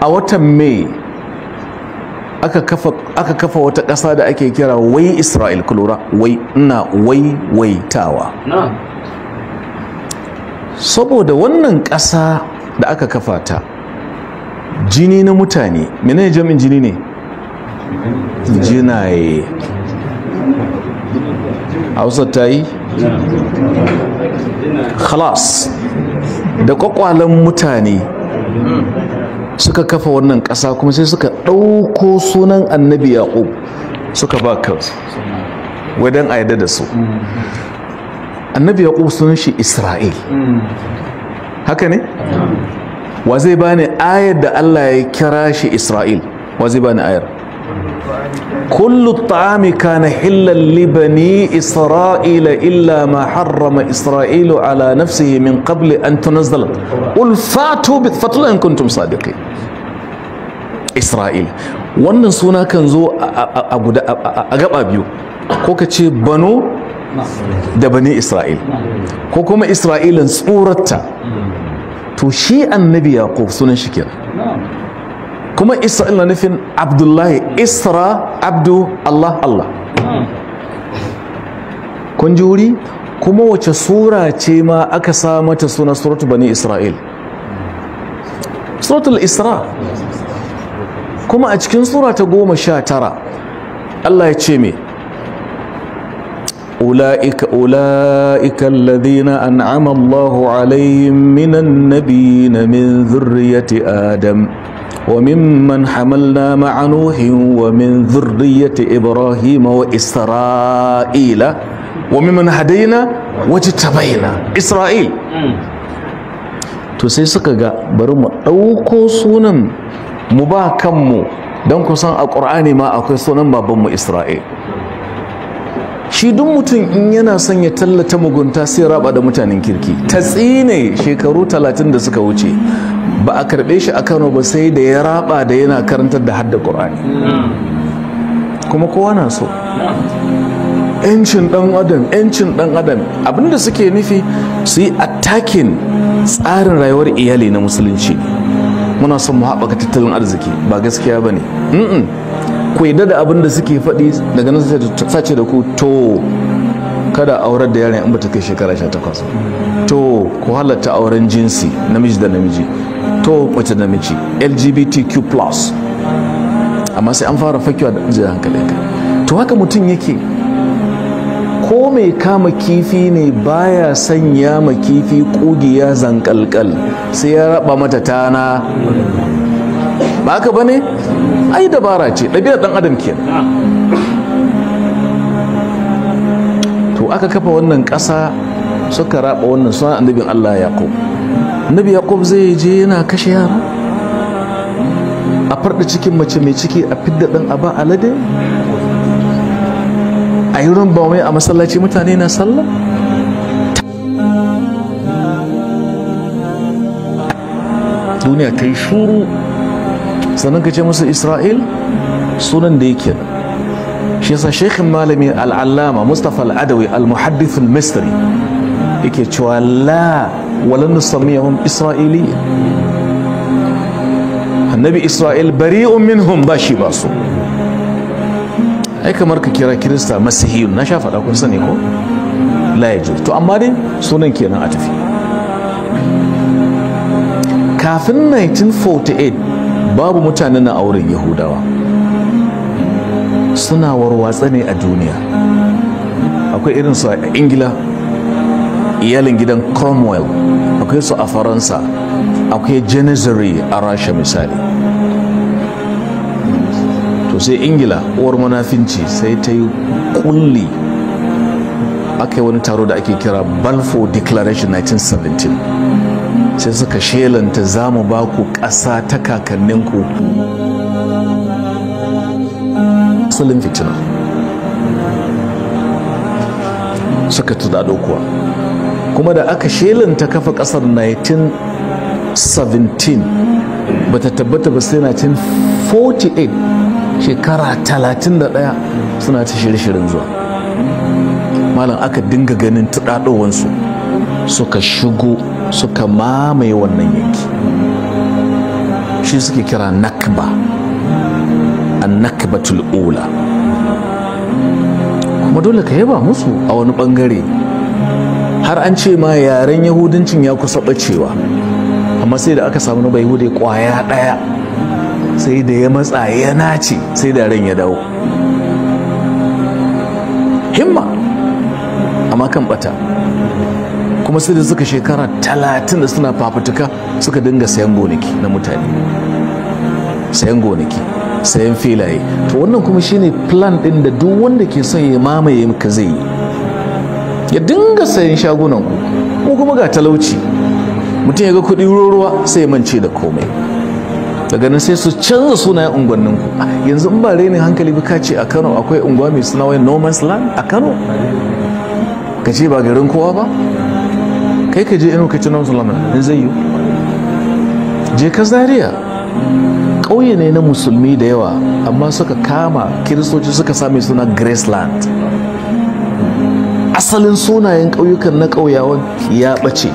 a watan mai aka kafa wata ƙasa da ake kira wai isra'il kulura wai na wai tawa saboda wannan ƙasa da aka kafa ta jini na mutane mene jamin jini ne jinaye hausa ta yi khalas da ƙwaƙwalen mutane suka kafa wannan ƙasa kuma sai suka ɗauko sunan annabi yaƙub suka ba kansu wadan a yadda da su annabi yaƙub sunan shi isra'il haka ne wa zai bani ayar da allah ya kira shi isra'il wa zai bani ayar كل الطعام كان حلا لبني إسرائيل إلا ما حرم إسرائيل على نفسه من قبل أن تنزل قل فاتوا بالفتلة إن كنتم صادقين إسرائيل wannan suna kan zo a gaba biyu ko ka ce bano da bani isra'il ko kuma isra'ilan tsoratta to shi annabi yaqub sunan shi kenan kuma isra'il na nufin abdullahi isra abdu allah allah kun ji wuri kuma wace sura ce ma aka sa mata suna suratu bani isra'il suratul isra kuma a cikin sura ta goma sha tara allah ya ce me. أولئك أولئك الذين أنعم الله عليهم من النبيين من ذرية آدم وممن حملنا مع نوح ومن ذرية إبراهيم وإسرائيل وممن هدينا وجتبينا إسرائيل to sai suka ga bari mu ɗauko sunan mu ba kanmu don kusan a ƙur'ani ma akwai sunan babanmu isra'il shi duk mutum in yana son ya tallata mugunta sai raba da mutanen kirki ta tsine shekaru talatin da suka wuce ba a karɓe shi a kano ba sai da ya raba da yana karantar da hadda ƙur'ani kuma kowa na so yancin ɗan adam yancin ɗan adam abinda suke nufi su yi attakin tsarin rayuwar iyali na musulunci muna son mu haɓaka tattalin arziki ba gaskiya ba ne kwaida da abin suke faɗi daga nan sace da ku to kada aurar da yaran in ba ta kai shekara 18 to ku halatta auren jinsi namiji da namiji to mace da lgbtq plus amma sai an fara fakewa da jin hankalinka to haka mutum yake ko mai kama kifi ne baya sanya ma kifi kugiya zankalkal sai ya raba mata tana ba haka bane ai dabara ce ɗabi'ar ɗan adam ke to aka kafa wannan ƙasa suka raba wannan sunan annabin Allah ya ko nabi yaqub zai je yana kashe yara a farɗa cikin mace mai ciki a fidda ɗan aba alade a yi rumba mai a masallaci mutane na sallah duniya yi shuru sannan ka ce musu isra'il sunan da yake shi yasa shekhin malami al'allama mustapha al'adawi al-muhaddith al-mystery yake cewa la walan nusammiyahum isra'iliyin annabi isra'il bari'un minhum ba shi ba su ai kamar ka kira kirista masihiyun na sha faɗa kun sani ko la to amma dai sunan kenan a kafin 1948 babu mutanen na auren yahudawa suna warwatsa ne a duniya akwai irinsu a ingila iyalin gidan cromwell akwai su a faransa akwai janissary a rasha misali to sai ingila uwar manafinci sai ta yi kulli aka yi wani taro da ake kira balfour declaration 1917 sai suka shelanta za mu ba ku ƙasa ta kakanninku asalin fitina suka tuda kuwa kuma da aka shelanta kafa kasar 1917 bata tabbata ba sai 1948 shekara 31 suna ta shirin shiryen zuwa malam aka dinga ganin tudadowansu suka shigo suka mamaye wannan yanki shi suke kira nakba an ula kuma dole ka yaba musu a wani bangare har an ce ma yaren yahudancin ya kusa bacewa amma sai da aka samu na yahude kwaya ɗaya sai da ya matsa ya nace sai da ran ya dawo himma amma kan bata kuma sai da suka shekara talatin da suna fafutuka suka dinga sayan gonaki na mutane sayan gonaki sayan filaye to wannan kuma shine plan din da duk wanda ke son ya mamaye ka zai yi ya dinga sayan shagunan ku ko kuma ga talauci mutum ya ga kuɗi ruwa sai ya mance da komai daga nan sai su canza sunayen unguwannin ku ah, yanzu in ba rainin hankali ba kace a Kano akwai unguwa mai suna wai no man's land a Kano ka ce ba garin kowa ba kai ka je inu ka ci no man's land in zai yi je ka Zaria ƙauye ne na musulmi da yawa amma suka kama kiristoci suka sami suna Graceland asalin sunayen ƙauyukan na ƙauyawan ya ɓace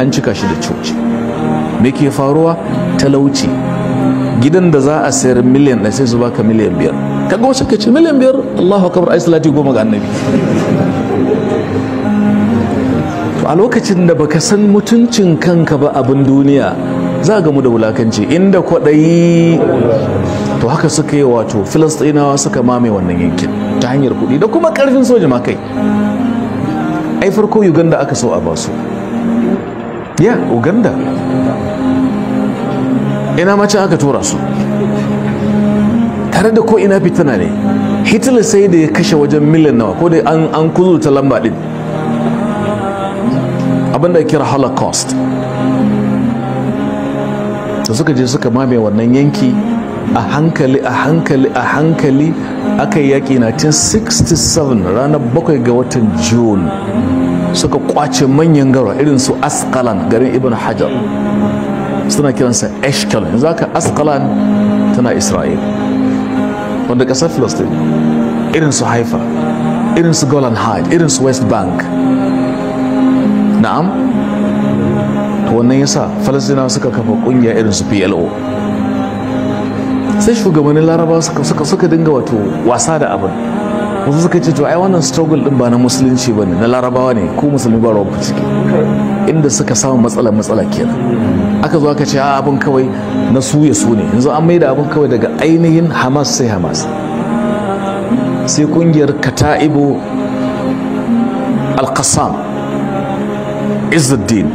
an cika shi da coci me ke faruwa talauci gidan da za a sayar miliyan ɗaya sai su baka miliyan biyar kaga wasu ka ce miliyan biyar allahu akbar ai salati goma ga annabi a lokacin da baka san mutuncin kanka ba abin duniya za a gamu da wulakanci inda kwaɗayi to haka suka yi wato filistinawa suka mame wannan yankin ta hanyar kuɗi da kuma ƙarfin soja ma kai ai farko uganda aka so a basu ya uganda ina macin aka tura su tare da ko ina fitina ne hitler sai da ya kashe wajen miliyan nawa ko da an ta lamba din abinda kira holocaust da suka je suka mame wannan yanki a hankali a hankali a hankali aka yi yaƙi 1967 ranar bakwai ga watan june suka kwace manyan garo irin su askalan garin ibn hajar suna kiransa eshkelon yanzu aka askalan tana isra'il wanda ƙasar filistin irin su haifa irin su golan hajj irin su west bank na'am to wannan yasa falastina suka kafa kungiya irin su plo sai shugabannin larabawa suka suka dinga wato wasa da abin wasu suka ce to ai wannan struggle din ba na musulunci bane na larabawa ne ko musulmi ba rawa ciki inda suka samu matsala matsala kenan aka zo aka ce a abin kawai na su ya su ne yanzu an maida abin kawai daga ainihin hamas sai hamas sai kungiyar kata'ibu al-qassam izzuddin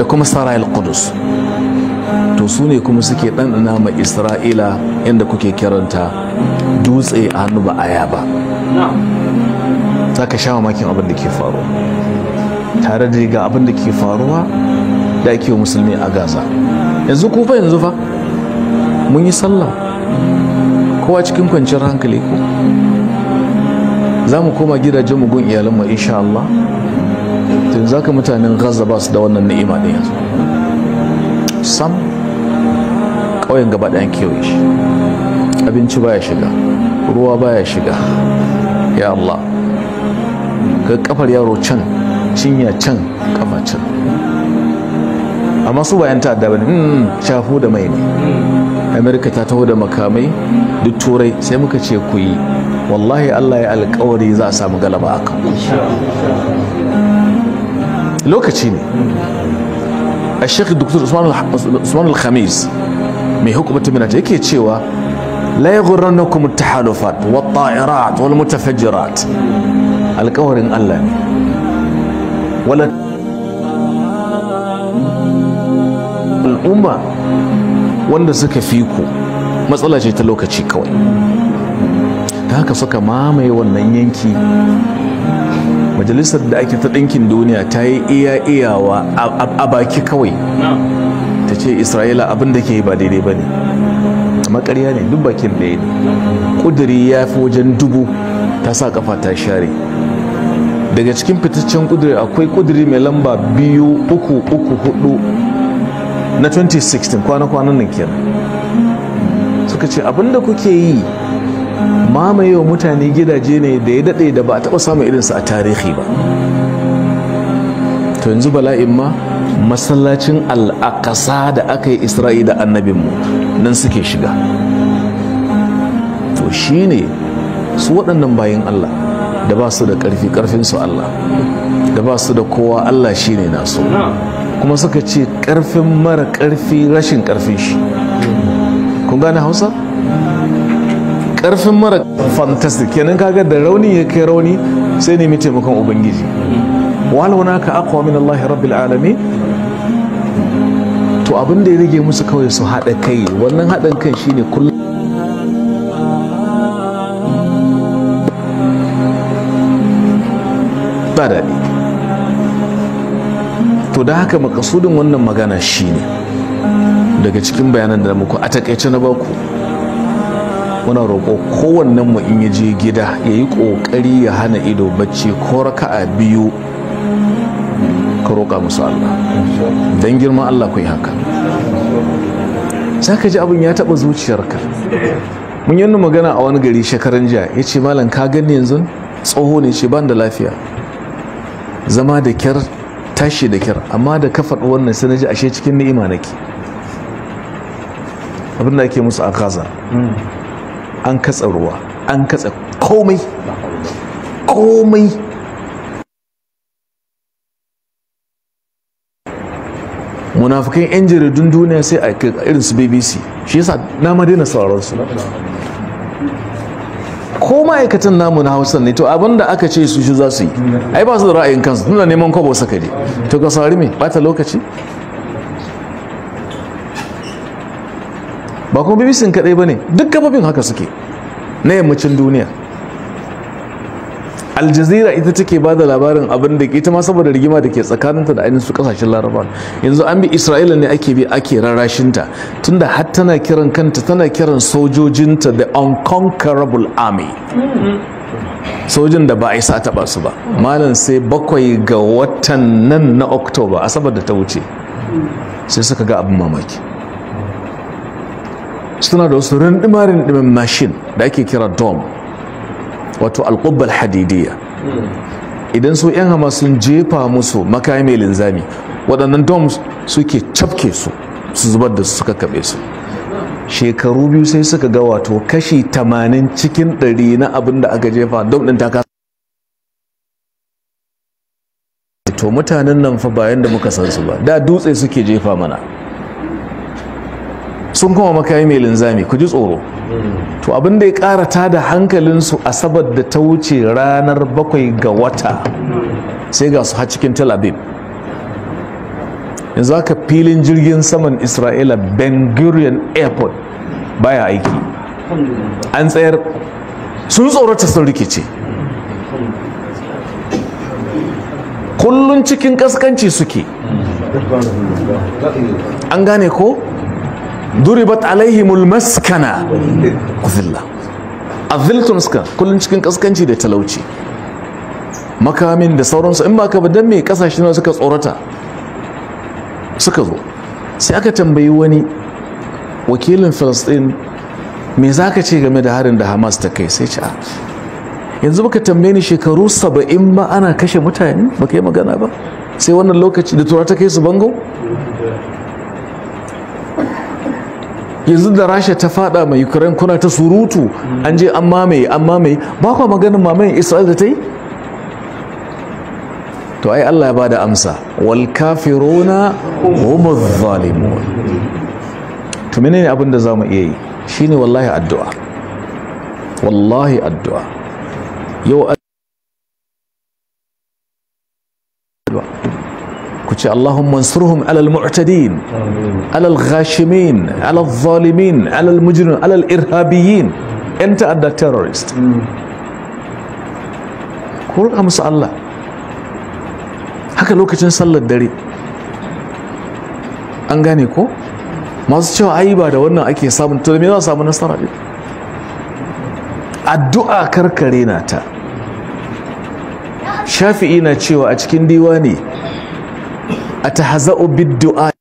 da kuma Sarayil kudus qudus to su ne kuma suke ɗanɗana ma isra'ila inda kuke kiranta dutse a hannu ba ya ba za ka sha mamakin abin da ke faruwa tare da ga abin da ke faruwa da ake musulmi a gaza yanzu kufa fa yanzu fa mun yi sallah kowa cikin kwanciyar hankali ko za mu koma gidajen mu gun mu insha Allah tun zaka mutanen gaza ba su da wannan ni'ima ɗin yanzu sam ƙauyen gaba ɗayan kewaye shi abinci baya shiga ruwa baya shiga ya Allah ga kafar yaro can cinya can kafa can amma su bayan ta'adda bane mm shafu da mai ne Amerika ta taho da makamai duk turai sai muka ce ku yi wallahi Allah ya alkawari za a samu galaba a kan lokaci ne a shekhi dr usman al-khamis mai hukumta minata yake cewa la yaghurrannakum at-tahalufat wat-ta'irat wal-mutafajjirat alkawarin Allah ne wala al'umma wanda suka fi ku matsala ce ta lokaci kawai ta haka suka mamaye wannan yanki majalisar da ake ta ɗinkin duniya ta yi iya iyawa a baki kawai ta ce isra'ila abin da ke ba daidai ba ne makarya ne duk bakin ya ne kuduri ya fi wajen dubu ta sa kafa ta share daga cikin fitaccen kuduri akwai kuduri mai lamba biyu uku uku hudu na 2016 kwana-kwanan nan kenan suka ce abin da kuke yi mamaye wa mutane gidaje ne da ya daɗe da ba a taɓa samun irinsa a tarihi ba to yanzu bala'in ma masallacin al'akasa da aka yi isra'i da annabinmu nan suke shiga to shi ne su waɗannan bayan allah da ba su da ƙarfi ƙarfinsu allah da ba su da kowa allah shi shine nasu kuma suka ce ƙarfin mara ƙarfi rashin ƙarfin shi kun gane hausa ƙarfin mara fantastic kenan kaga da rauni ya kai rauni sai nemi taimakon ubangiji wal hunaka aqwa min Allah rabbil alamin to abin da ya rage musu kawai su haɗa kai wannan haɗin kai shine kullum ba to da haka makasudin wannan magana shine daga cikin bayanan da muku a takaice na baku muna roƙo kowannen mu in ya je gida ya yi ƙoƙari ya hana ido bacci ko raka'a biyu ka roƙa musu Allah don girman Allah kai haka za ka ji abin ya taɓa zuciyarka mun yi magana a wani gari shekaran jiya ya ce malam ka gani yanzu tsoho ne ce ban da lafiya zama da kyar tashi da kyar amma da ka faɗi wannan sai na ji ashe cikin ni'ima nake abin da ake musu a kaza. an katsa ruwa an katsa komai komai Munafukan yan jaridun duniya sai a irin su bbc shi yasa na ma sauransu. ko ma'aikatan namu na hausa ne to abinda aka ce su shi za su yi ai ba su da ra'ayin kansu da neman kwabo saka to ga saurari me bata lokaci ba kuma bbc kaɗai ba ne duk gababin haka suke na yammacin duniya aljazira ita take ba da labarin abin da ita ma saboda rigima da ke tsakaninta da ainihin su kasashen laraba yanzu an bi isra'ila ne ake bi ake rarashinta tunda har tana kiran kanta tana kiran sojojinta the unconquerable army sojin da ba a isa taɓa su ba malam sai bakwai ga watan nan na oktoba asabar da ta wuce sai suka ga abin mamaki suna da wasu rindimarin ɗimin mashin da ake kira dome wato alƙubbal hadidiyya idan su 'yan hama sun jefa musu makayi mai linzami waɗannan doms suke cafke su su zubar da su suka kaɓe su shekaru biyu sai suka ga wato kashi 80 cikin 100 na abin da aka jefa dom ɗin ta to mutanen nan fa bayan da muka san su ba da dutse suke jefa mana sun kuma makami mai linzami ku ji tsoro to abin da ya ƙara ta da hankalinsu sabar da ta wuce ranar bakwai ga wata sai ga su cikin tel aviv yanzu haka filin jirgin saman isra'ila ben gurion airport baya aiki an tsayar sun tsorata sun rikice kullun cikin kaskanci suke an gane ko duribat alaihimul maskana zilla aziltun kullum cikin kaskanci da talauci makamin da sauransu in ba ka ba dan me kasashe na suka tsorata suka zo sai aka tambayi wani wakilin Filistin me za ka ce game da harin da Hamas ta kai sai ce a yanzu baka tambaye ni shekaru saba'in ba ana kashe mutane ba ka magana ba sai wannan lokaci da tura ta kai su bango yanzu da rasha ta fada mai ukraine kuna ta surutu an je an mamaye an mamaye ba kwa maganin mamayen isra'il da ta yi to ai allah ya bada amsa wal kafiruna humuz zalimun to menene abin da zamu iya yi shine wallahi addu'a wallahi addu'a yau addu'a ku ce Allahumma ansurhum alal mu'tadin alal ghashimin alal zalimin alal mujrimin alal irhabiyin yan ta'adda terrorist ku roƙa musu Allah haka lokacin sallar dare an gane ko masu cewa ayi ba da wannan ake samun to me za a samu nasara ne addu'a karkare na ta shafi'i na cewa a cikin diwani ne أتهزأ بالدعاء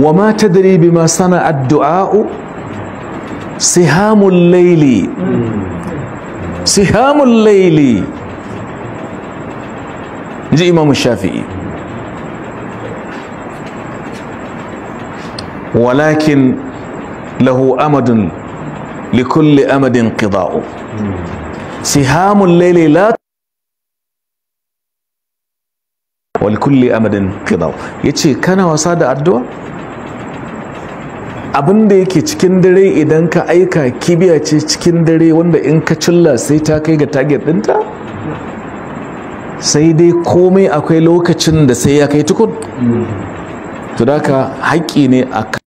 وما تدري بما صنع الدعاء سهام الليل سهام الليل جاء إمام الشافعي ولكن له أمد لكل أمد انقضاء سهام الليل لا wa amadin yace kana wasa da addu'a abin da yake cikin dare idan ka aika kibiya ce cikin dare wanda in ka cilla sai ta kai ga target dinta sai dai komai akwai lokacin da sai ya kai tukun hmm. to da haƙƙi ne a